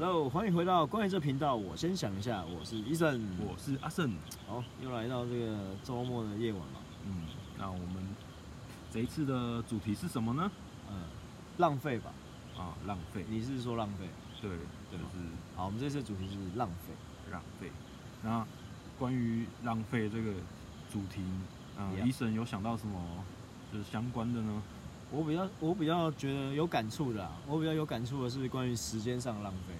Hello，歡迎回到關於這頻道。我先想一下，我是 Eason，我是阿勝。好，oh，又來到這個周末的夜晚了。嗯，那我們這一次的主題是什麼呢？嗯，浪費吧。啊，浪費。你是說浪費？對，對，好。好，我們這次的主題是浪費，浪費。那關於浪費這個主題，嗯，啊，Eason 有想到什麼就是相關的呢？我比較，我比較覺得有感觸的，啊，我比較有感觸的是關於時間上浪費。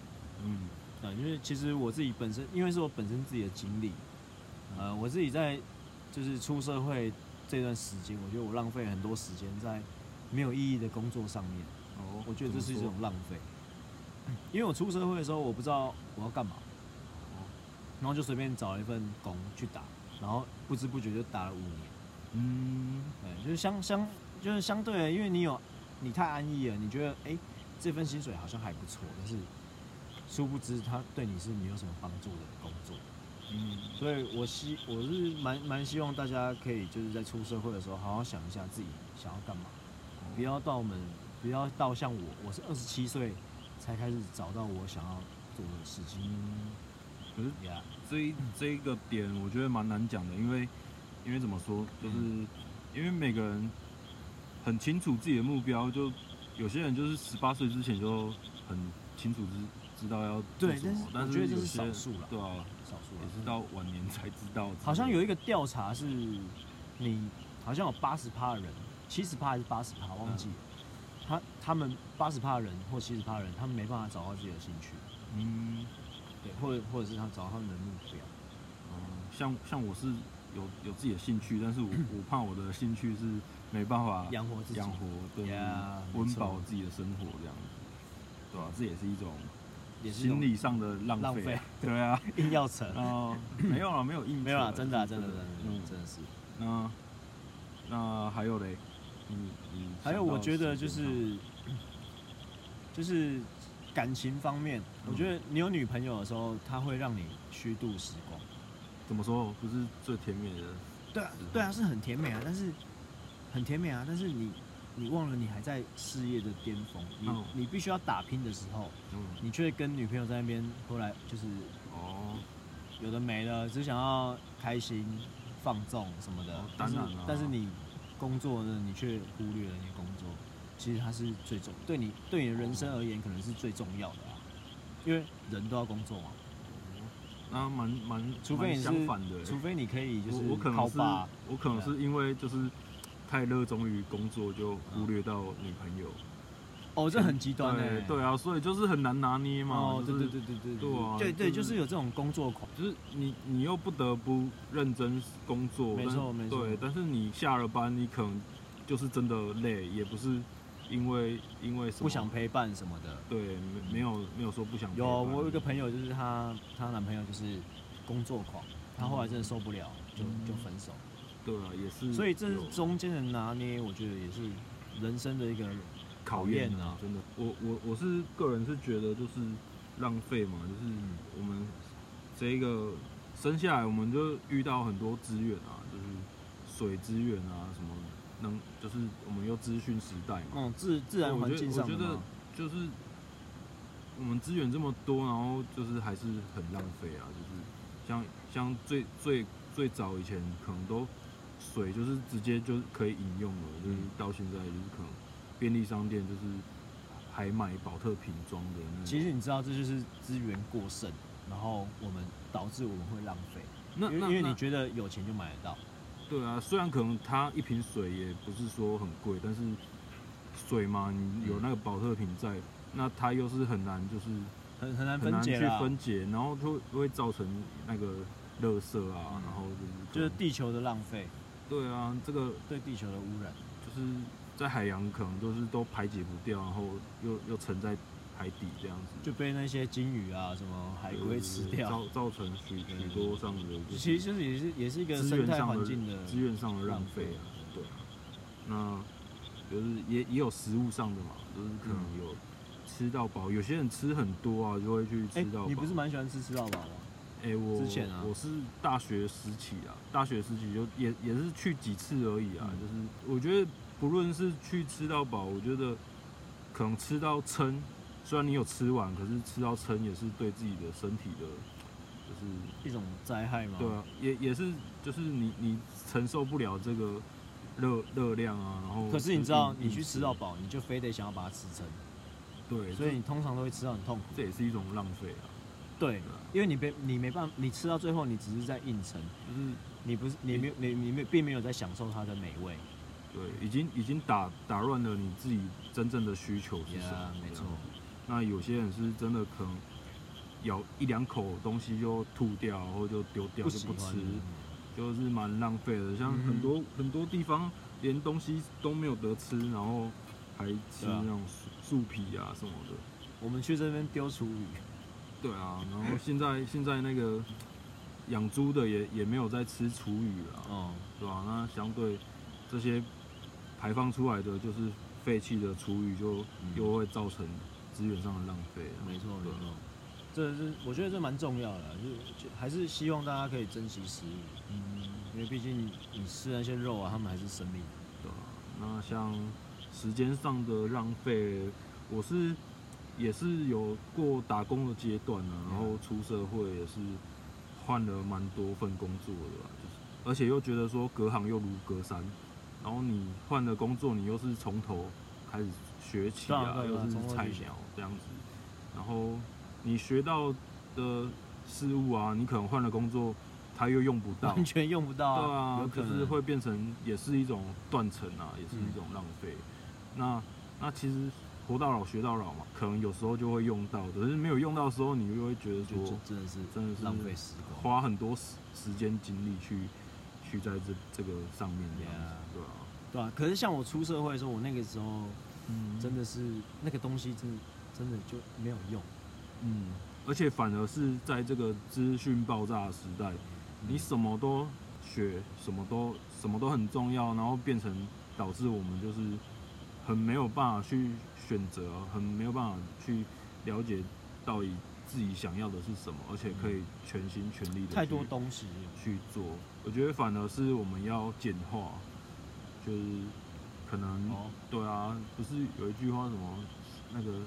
嗯，啊，因為其實我自己本身，因為是我本身自己的經歷，呃，我自己在就是出社會這段時間，我覺得我浪費很多時間在沒有意義的工作上面。哦，我覺得這是一種浪費，因為我出社會的時候，我不知道我要幹嘛，然後就隨便找了一份工去打，然後不知不覺就打了五年。嗯，對，就是相相就是相對，因為你有你太安逸了，你覺得哎，這份薪水好像還不錯，但是。殊不知，他對你是沒有什麼幫助的工作，嗯，所以我希我是蠻蠻希望大家可以就是在出社會的時候，好好想一下自己想要幹嘛，嗯，不要到我們，不要到像我，我是二十七歲才開始找到我想要做的事情。可是呀，yeah. 這一這一個點我覺得蠻難講的，因為因為怎麼說，就是、嗯、因為每個人很清楚自己的目標，就有些人就是十八歲之前就很。清楚知知道要做什麼，對，但是但是覺得這是少數了，對啊，少數了，也是到晚年才知道。好像有一個調查是，你好像有八十趴的人，七十趴還是八十趴，忘記了、嗯。他他們八十趴的人或七十趴的人，他們沒辦法找到自己的興趣。嗯，對，或者或者是他找到他們的目標。嗯，像像我是有有自己的興趣，但是我 我怕我的興趣是沒辦法養活自己，養活對、yeah,，溫飽自己的生活這樣對啊，這也是一種，也是心理上的浪費。對啊，硬要成 沒有啊，沒有硬的，沒有啊，真的，真的、啊，真的、啊啊，真的是。嗯、那那還有嘞、嗯，還有我覺得就是，就是感情方面，我覺得你有女朋友的時候，她會讓你虛度時光、嗯。怎麼說？不、就是最甜美的？對啊，對啊，是很甜美啊，但是很甜美啊，但是你。你忘了，你還在事業的巔峰，你你必須要打拼的時候，嗯、你卻跟女朋友在那邊，後來就是哦，有的沒的，只想要開心、放縱什麼的、哦。當然了。但是，但是你工作呢，你卻忽略了你工作，其實它是最重，對你對你的人生而言，可能是最重要的啊，哦、因為人都要工作嘛、啊。那蠻蠻，除非你是相反的、欸，除非你可以就是我。我可能，我可能是因為就是。太熱衷於工作，就忽略到女朋友。哦，這很極端欸。對，對啊，所以就是很難拿捏嘛。對對對對對對對對，對啊，對對對，就是有這種工作狂。就是你，你又不得不認真工作。沒錯沒錯。對，但是你下了班，你可能就是真的累，也不是因為因為什麼不想陪伴什麼的。對，沒沒有沒有說不想陪伴。有，我有一個朋友，就是她她男朋友就是工作狂，她後來真的受不了，就，嗯，就分手。對啊，也是，所以這是中間的拿捏，我覺得也是人生的一個考驗啊，啊！真的，我我我是個人是覺得就是浪費嘛，就是我們這一個生下來我們就遇到很多資源啊，就是水資源啊什麼能，能就是我們又資訊時代嘛，嗯，自自然環境上我覺，我覺得就是我們資源這麼多，然後就是還是很浪費啊，就是像像最最最早以前可能都。水就是直接就可以飲用了，就是到現在就是可能便利商店就是還買寶特瓶裝的那種。其實你知道，這就是資源過剩，然後我們導致我們會浪費。那因為因為你覺得有錢就買得到。對啊，雖然可能它一瓶水也不是說很貴，但是水嘛，你有那個寶特瓶在，嗯，那它又是很難就是很很難分解，去分解，然後就會造成那個垃圾啊，嗯，然後就是就是地球的浪費。對啊，這個對地球的污染，就是在海洋可能都是都排解不掉，然後又又沉在海底這樣子，就被那些鯨魚啊什麼海龜吃掉，就是、造造成許許多上的，其實就是也是也是一個資源上的資源上的浪費啊，對啊，那就是也也有食物上的嘛，就是可能有吃到飽，有些人吃很多啊就會去吃到飽、欸，你不是蠻喜歡吃吃到飽的？哎、欸，我之前啊，我是大學時期啊，大學時期就也也是去幾次而已啊，嗯、就是我覺得不論是去吃到飽，我覺得可能吃到撐，雖然你有吃完，可是吃到撐也是對自己的身體的，就是一種災害嘛。對啊，也也是就是你你承受不了這個熱熱量啊，然後可是你知道你去吃到飽，你就非得想要把它吃撐，對，所以你通常都會吃到很痛苦，這也是一種浪費啊。對，因為你別你沒辦法，你吃到最後你只是在硬撐，嗯、就是，你不是你沒有你你沒並沒有在享受它的美味，對，已經已經打打亂了你自己真正的需求是什麼 yeah, 沒錯。那有些人是真的可能咬一兩口東西就吐掉，然後就丟掉，不喜歡就不吃，就是蠻浪費的。像很多、嗯、很多地方連東西都沒有得吃，然後還吃那種樹皮啊什麼的。啊、我們去這邊丟廚餘。對啊，然後現在現在那個養豬的也也沒有在吃廚餘了、啊，嗯、哦，是吧、啊？那相對這些排放出來的就是廢棄的廚餘，就又會造成資源上的浪費、啊嗯嗯嗯。沒錯沒錯，這個、是我覺得這蠻重要的，就，就還是希望大家可以珍惜食物。嗯，因為畢竟你吃那些肉啊，他們還是生命的。對啊，那像時間上的浪費，我是。也是有過打工的階段、啊、然後出社會也是換了蠻多份工作的吧、啊，就是而且又覺得說隔行又如隔山，然後你換了工作，你又是從頭開始學起啊，啊啊又是菜鳥這樣子、嗯，然後你學到的事物啊，你可能換了工作，他又用不到，完全用不到、啊，對啊可，可是會變成也是一種斷層啊，也是一種浪費、嗯，那那其實。活到老學到老嘛，可能有時候就會用到的，可是沒有用到的時候，你就會覺得說真的是真的是浪費時間，花很多時時間精力去去在這這個上面這樣子，yeah, 對啊，對啊。可是像我出社會的時候，我那個時候，嗯，真的是那個東西真的，真真的就沒有用，嗯，而且反而是在這個資訊爆炸的時代，你什麼都學，什麼都什麼都很重要，然後變成導致我們就是。很沒有辦法去選擇，很沒有辦法去了解到底自己想要的是什麼，而且可以全心全力的太多東西去做。我覺得反而是我們要簡化，就是可能、哦、對啊，不是有一句話什麼，就是有一句話什麼那個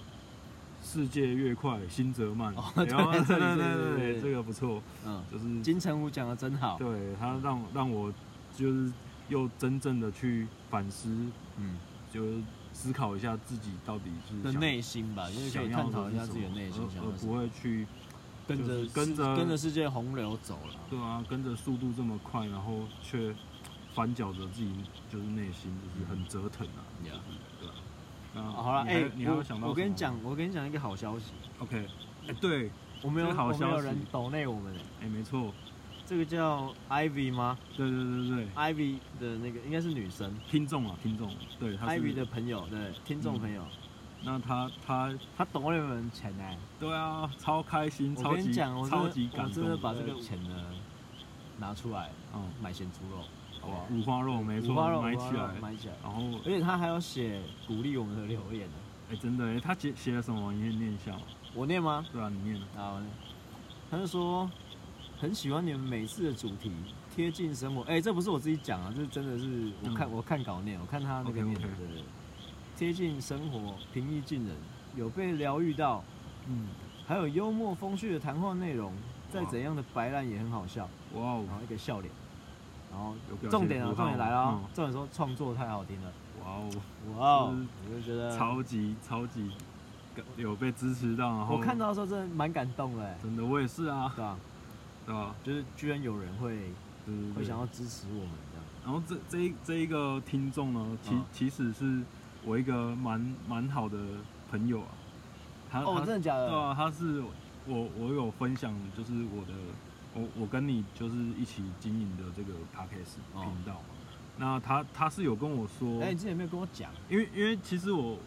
世界越快，心則慢。對然後對對對對，對，對，對，對，這個不錯。嗯，就是金城武講的真好。對他讓讓我就是又真正的去反思。嗯。就是思考一下自己到底是的內心吧，就是想探討一下自己的內心想的而，而不會去跟着、就是、跟着跟着世界洪流走了。對啊，跟着速度這麼快，然後卻翻攪着自己，就是內心就是很折騰啊、嗯嗯。對啊，啊好了，哎、欸，你還有想到？我跟你講，我跟你講一個好消息。OK，哎、欸，對，我們有好消息，我沒有人抖內我們。哎、欸，沒錯。這個叫 Ivy 嗎？對對對對，Ivy 的那個應該是女生聽眾啊，聽眾，對她，Ivy 的朋友，對，聽眾朋友。嗯、那他他他抖內我們錢呢、啊？對啊，超開心，超級真的超級感動的，我真的把這個錢呢拿出來，嗯，買鹹豬肉，好不好，五花肉，沒錯，五花肉，買起來買起來，然後而且他還有寫鼓勵我們的留言哎、啊欸，真的、欸，他寫寫了什麼？你念一下我念嗎？對啊，你念，啊，他說。很喜歡你們每次的主題，貼近生活，哎、欸，這不是我自己講啊，這真的是我看、嗯、我看稿念，我看他那個面覺貼近生活，okay, okay. 平易近人，有被療癒到，嗯，還有幽默風趣的談話內容，再怎樣的白爛也很好笑。哇哦，然後一個笑臉、哦，然後重點啊重點來了、哦嗯，重點說，創作太好聽了。哇哦哇哦，我就是、覺得超級超級有被支持到，我看到的時候真的蠻感動的、欸，哎，真的我也是啊，是啊。對、啊、就是居然有人會，就會想要支持我們這樣。然後這這一這一個聽眾呢，其、嗯、其實是我一個蠻蠻好的朋友啊。他哦他，真的假的？對、嗯、啊，他是我我有分享的，就是我的我我跟你就是一起經營的這個 podcast 頻道、嗯、那他他是有跟我說，哎、欸，你之前有沒有跟我講？因為因為其實我。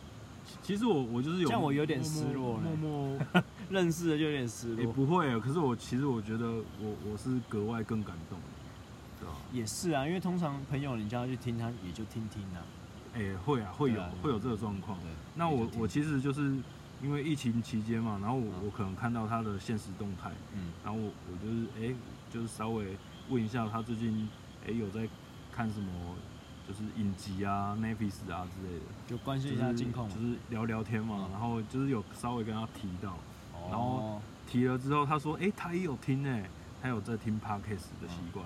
其實我我就是有像我有點失落，欸、默默，默 認識的就有點失落，欸。也不會，欸，可是我其實我覺得我我是格外更感動的。對啊，也是啊，因為通常朋友你叫他去聽他，他也就聽聽啊，哎，欸，會啊，會有，啊、會有這個狀況。那我我其實就是因為疫情期間嘛，然後我，嗯、我可能看到他的限時動態，嗯，然後我我就是哎，欸，就是稍微問一下他最近哎，欸、有在看什麼。就是影集啊、n i s 啊之類的，就關心一下近況，就是聊聊天嘛。然後就是有稍微跟他提到，然後提了之後他、欸，他說：“誒，他也有聽呢、欸，他有在聽 podcast 的習慣。”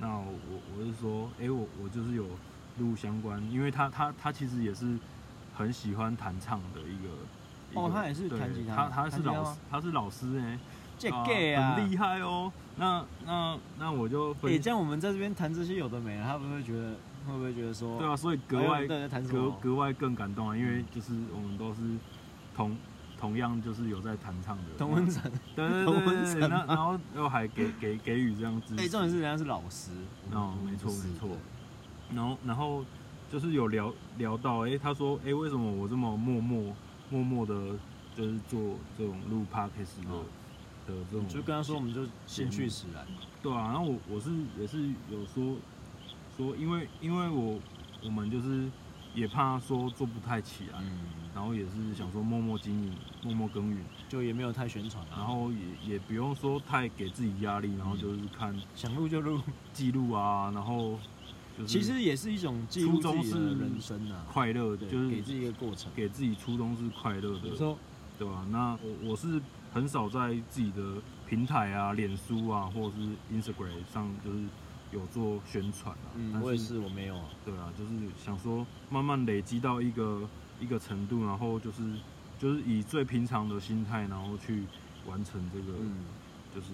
那那我我是說、欸：“誒，我我就是有錄相關，因為他他他，他其實也是很喜歡彈唱的一個。”哦，他也是彈吉他，他是老師，他是老師誒、欸，這 gay 啊，很厲害哦、喔。那那那我就你、欸、這樣我們在這邊談這些有的沒、啊，他不會覺得。會不會覺得說？對啊，所以格外、欸、格格外更感動啊！因為就是我們都是同同樣就是有在彈唱的同溫層，對對對，然後然後又還給給給予這樣支持。哎、欸，重點是人家是老師哦、喔，沒錯沒錯。然後然後就是有聊聊到，哎、欸，他說，哎、欸，為什麼我這麼默默默默的，就是做這種錄 podcast 的、喔、這種，就跟他說，我們就興趣使然、嗯。對啊，然後我我是也是有說。說，因為因為我我們就是也怕說做不太起來、嗯、然後也是想說默默經營、默默耕耘，就也沒有太宣傳，然後也也不用說太給自己壓力，然後就是看想錄就錄記錄啊、嗯，然後其實也是一種記錄是人生啊、就是、快樂，就是給自己一個過程，給自己初衷是快樂的，說對吧、啊？那我我是很少在自己的平台啊、臉書啊或者是 Instagram 上就是。有做宣傳啊，嗯，我也是，我沒有啊，對啊，就是想說慢慢累積到一個一個程度，然後就是就是以最平常的心態，然後去完成這個，嗯，就是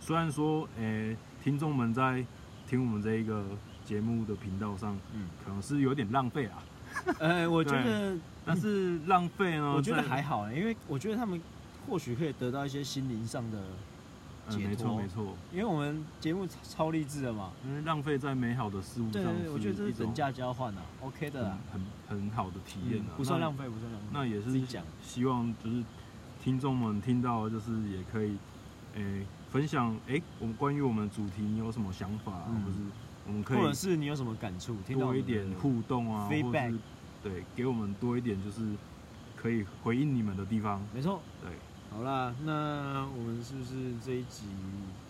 雖然說，哎、欸，聽眾們在聽我們這一個節目的頻道上，嗯，可能是有點浪費啊，哎、欸，我覺得，但是浪費呢、嗯，我覺得還好、欸，因為我覺得他們或許可以得到一些心靈上的。嗯、沒錯沒錯，因為我們節目超超勵志的嘛，因為浪費在美好的事物上。對，我覺得這是等價交換啊，OK 的、嗯，很很好的體驗啊、嗯，不算浪費，不算浪費。那也是希望就是聽眾們聽到就是也可以，欸、分享哎、欸，我們關於我們主題你有什麼想法，或是我們可以，或者是你有什麼感觸，聽到多一點互動啊，feedback 對，給我們多一點就是可以回應你們的地方。沒錯，對。好啦，那我們是不是這一集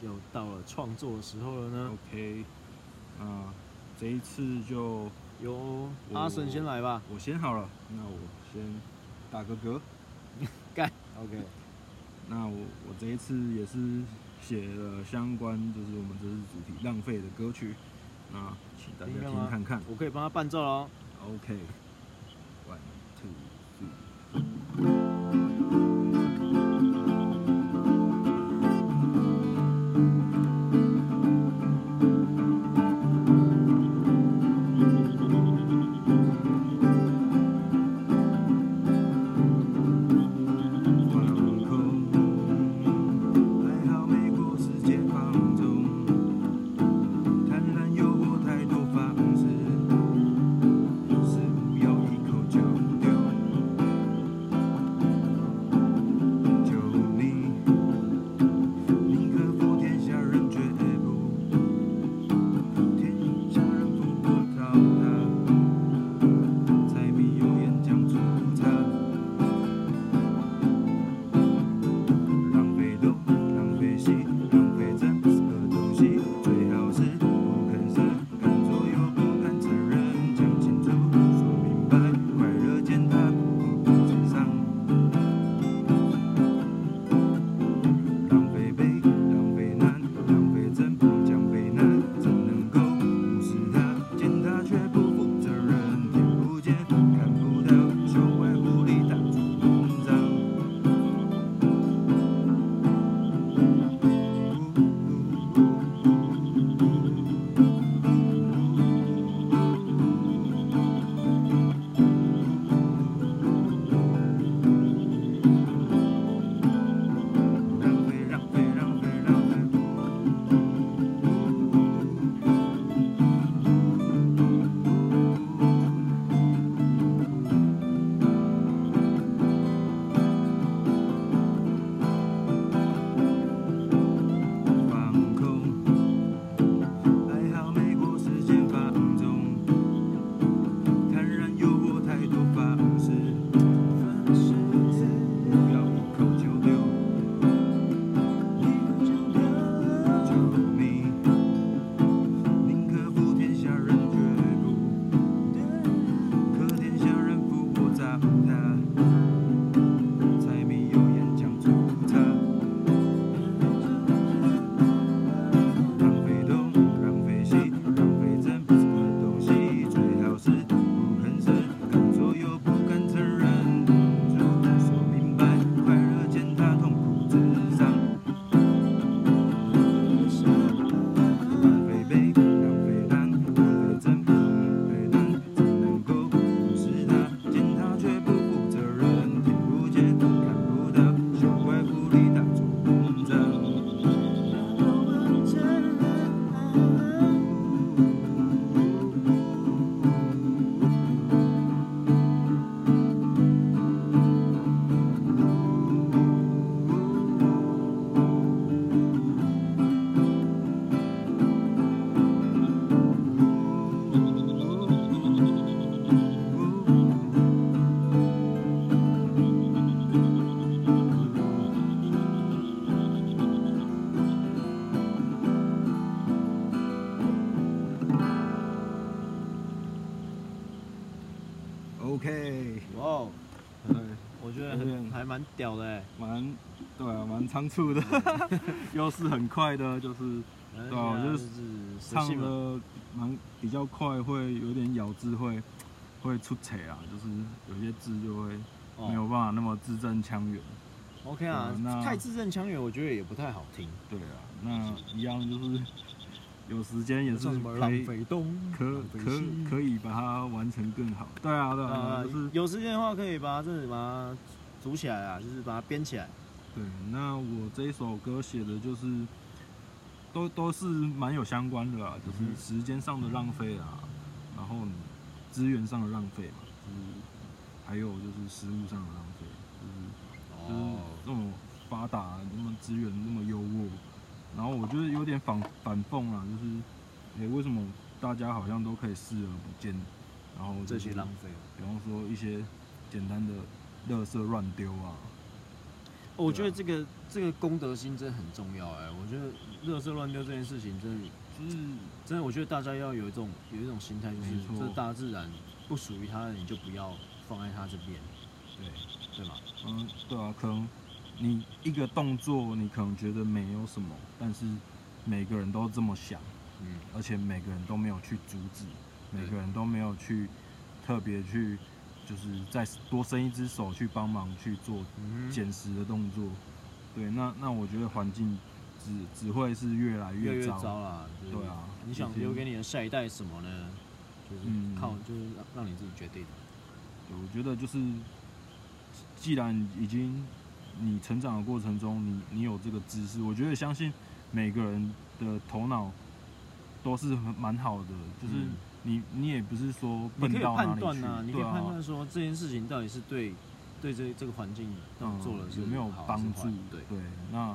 又到了創作的時候了呢？OK，那這一次就由阿神先來吧，我先好了。那我先，打個嗝，幹。 OK，那我我這一次也是寫了相關，就是我們這次主題浪費的歌曲，那請大家聽看看。聽到嗎？我可以幫他伴奏哦。OK，One，Two、Three。蠻，對蠻、啊、倉促的， 又是很快的，就是，欸、對、啊、對就是、就是、是的唱的蠻比較快，會有點咬字會，會出彩啊，就是有些字就會、哦、沒有辦法那麼字正腔圓。OK 啊，那太字正腔圓，我覺得也不太好聽。對啊，那一樣就是有時間也是可以浪可以浪可以可以把它完成更好。對啊，對啊，對啊，呃就是、有時間的話可以把它這裡把它。組起來啊，就是把它編起來。對，那我這一首歌寫的就是，都都是蠻有相關的啦，就是、就是、時間上的浪費啊、嗯，然後資源上的浪費嘛，就是，還有就是食物上的浪費，就是，就是那、哦、麼發達，那麼資源那麼優渥，然後我就是有點反反諷啦，就是，誒、欸，為什麼大家好像都可以視而不見？然後、就是、這些浪費、啊，比方說一些簡單的。垃圾亂丟啊！我覺得這個、啊、這個公德心真的很重要哎、欸。我覺得垃圾亂丟這件事情、就是，真、就是真的我覺得大家要有一種有一種心態，就是這大自然不屬於他的，你就不要放在他這邊，對對吧？嗯，對啊。可能你一個動作，你可能覺得沒有什麼，但是每個人都這麼想，嗯，而且每個人都沒有去阻止，嗯、每個人都沒有去特別去。就是再多伸一隻手去幫忙去做撿拾的動作，對，那那我覺得環境只只會是越來越糟啦，啊就是。對啊，你想留給你的下一代什麼呢？就是靠，嗯、就是讓讓你自己決定對。我覺得就是，既然已經你成長的過程中，你你有這個知識，我覺得相信每個人的頭腦都是很蠻好的，就是。嗯你你也不是說，你可以判斷啊，你可以判斷說這件事情到底是對，對這、啊、這個環境做了、嗯、有沒有幫助？對對。那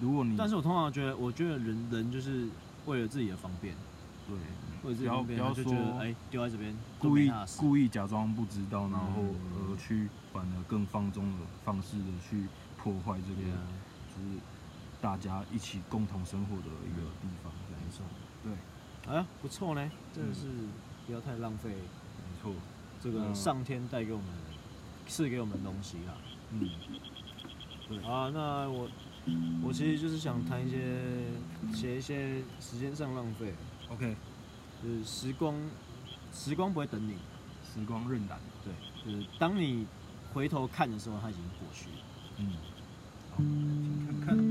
如果你，但是我通常覺得，我覺得人人就是為了自己的方便，對，為了自己的方便，然後就覺得哎，丟、欸、在這邊，故意故意假裝不知道，然後而去反而更放縱的方式的去破壞這邊、對啊，就是大家一起共同生活的一個地方，感受，對。對啊、哎，不錯呢，真、這、的、個、是不要太浪費。沒、嗯、錯，這個上天帶給我們，賜、嗯、給我們東西啊。嗯，對。啊，那我我其實就是想談一些，寫一些時間上浪費。OK，、嗯、就是時光，時光不會等你，時光荏苒。對，就是當你回頭看的時候，它已經過去了。嗯，好，請看看。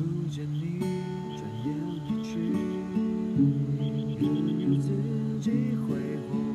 不見你，轉眼離去，任由自己揮霍。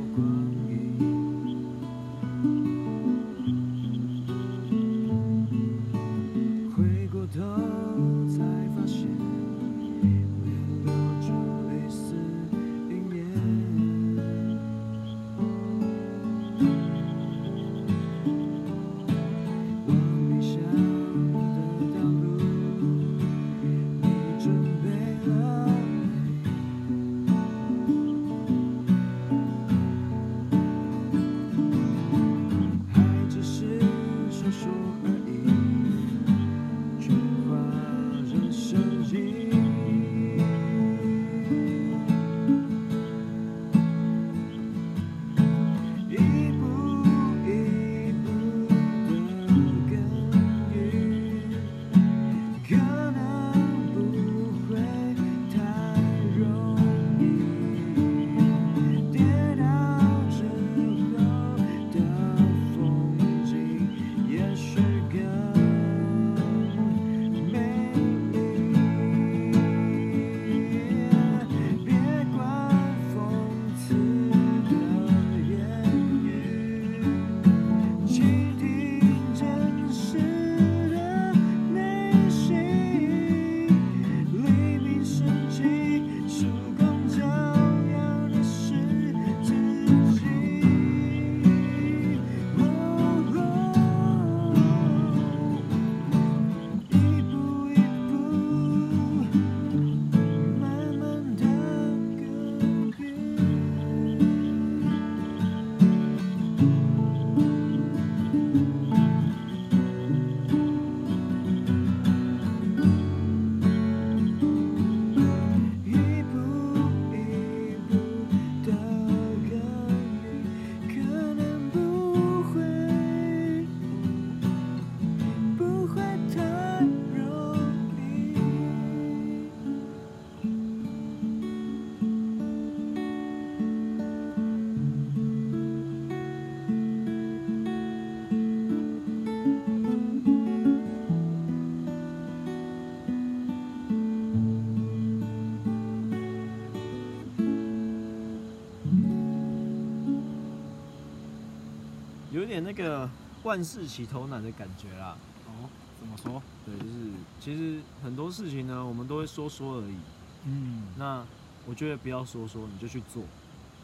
有點那個萬事起頭難的感覺啦。哦，怎麼說？對，就是其實很多事情呢，我們都會說說而已。嗯，那我覺得不要說說，你就去做。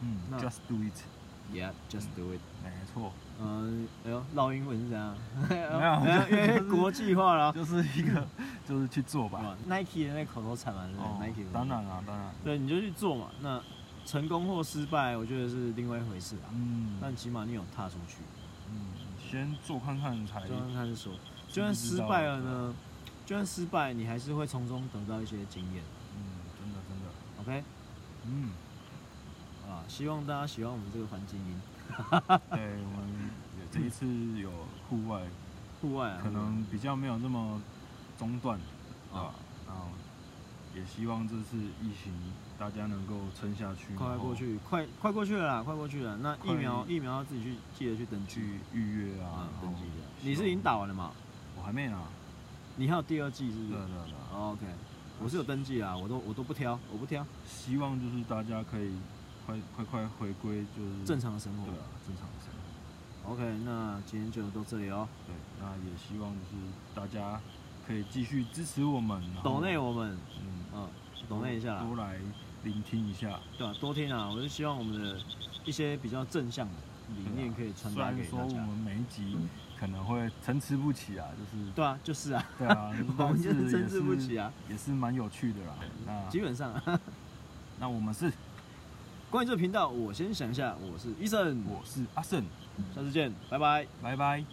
嗯那，Just do it。Yeah，Just do it，嗯。沒錯。嗯，呃，哎呦，烙英文是這樣？沒有，沒、哎、有、就是、 國際化啦，就是一個， 就是去做吧。Nike 的那口頭禪嘛，是、哦、Nike、那個。當然啊，當然。對，你就去做嘛。那成功或失敗，我覺得是另外一回事啦。嗯，但起碼你有踏出去。嗯，先做看看才，才做看看再說。就算失敗了呢，就算失敗，你還是會從中得到一些經驗。嗯，真的真的。OK。嗯。啊，希望大家喜歡我們這個環境音。 對，我們這一次有戶外，戶外啊，啊，可能比較沒有那麼中斷，嗯，啊，然後。也希望這次疫情大家能夠撐下去，快、快過去，快快過去了啦，快過去了。那疫苗疫苗要自己去記得去登記，去預約啊，啊登記的。你是已經打完了嗎？我還沒呢，你還有第二劑是不是？對對對。Oh, OK，我是有登記啊，我都我都不挑，我不挑。希望就是大家可以快快快回歸就是正常的生活，對啊，正常的生活。OK，那今天就到這裡哦。對，那也希望就是大家可以繼續支持我們，抖內我們嗯。嗯，懂得一下，多來聆聽一下，對啊，多聽啊！我是希望我們的一些比較正向的理念可以傳達給大家。啊、雖然說我們每一集可能會參差不齊啊，就是對啊，就是啊，對啊，參差不齊啊，也是蠻有趣的啦。基本上、啊， 那我們是關於這個頻道，我先想一下。我是 Eason，我是阿勝、嗯，下次見，拜拜，拜拜。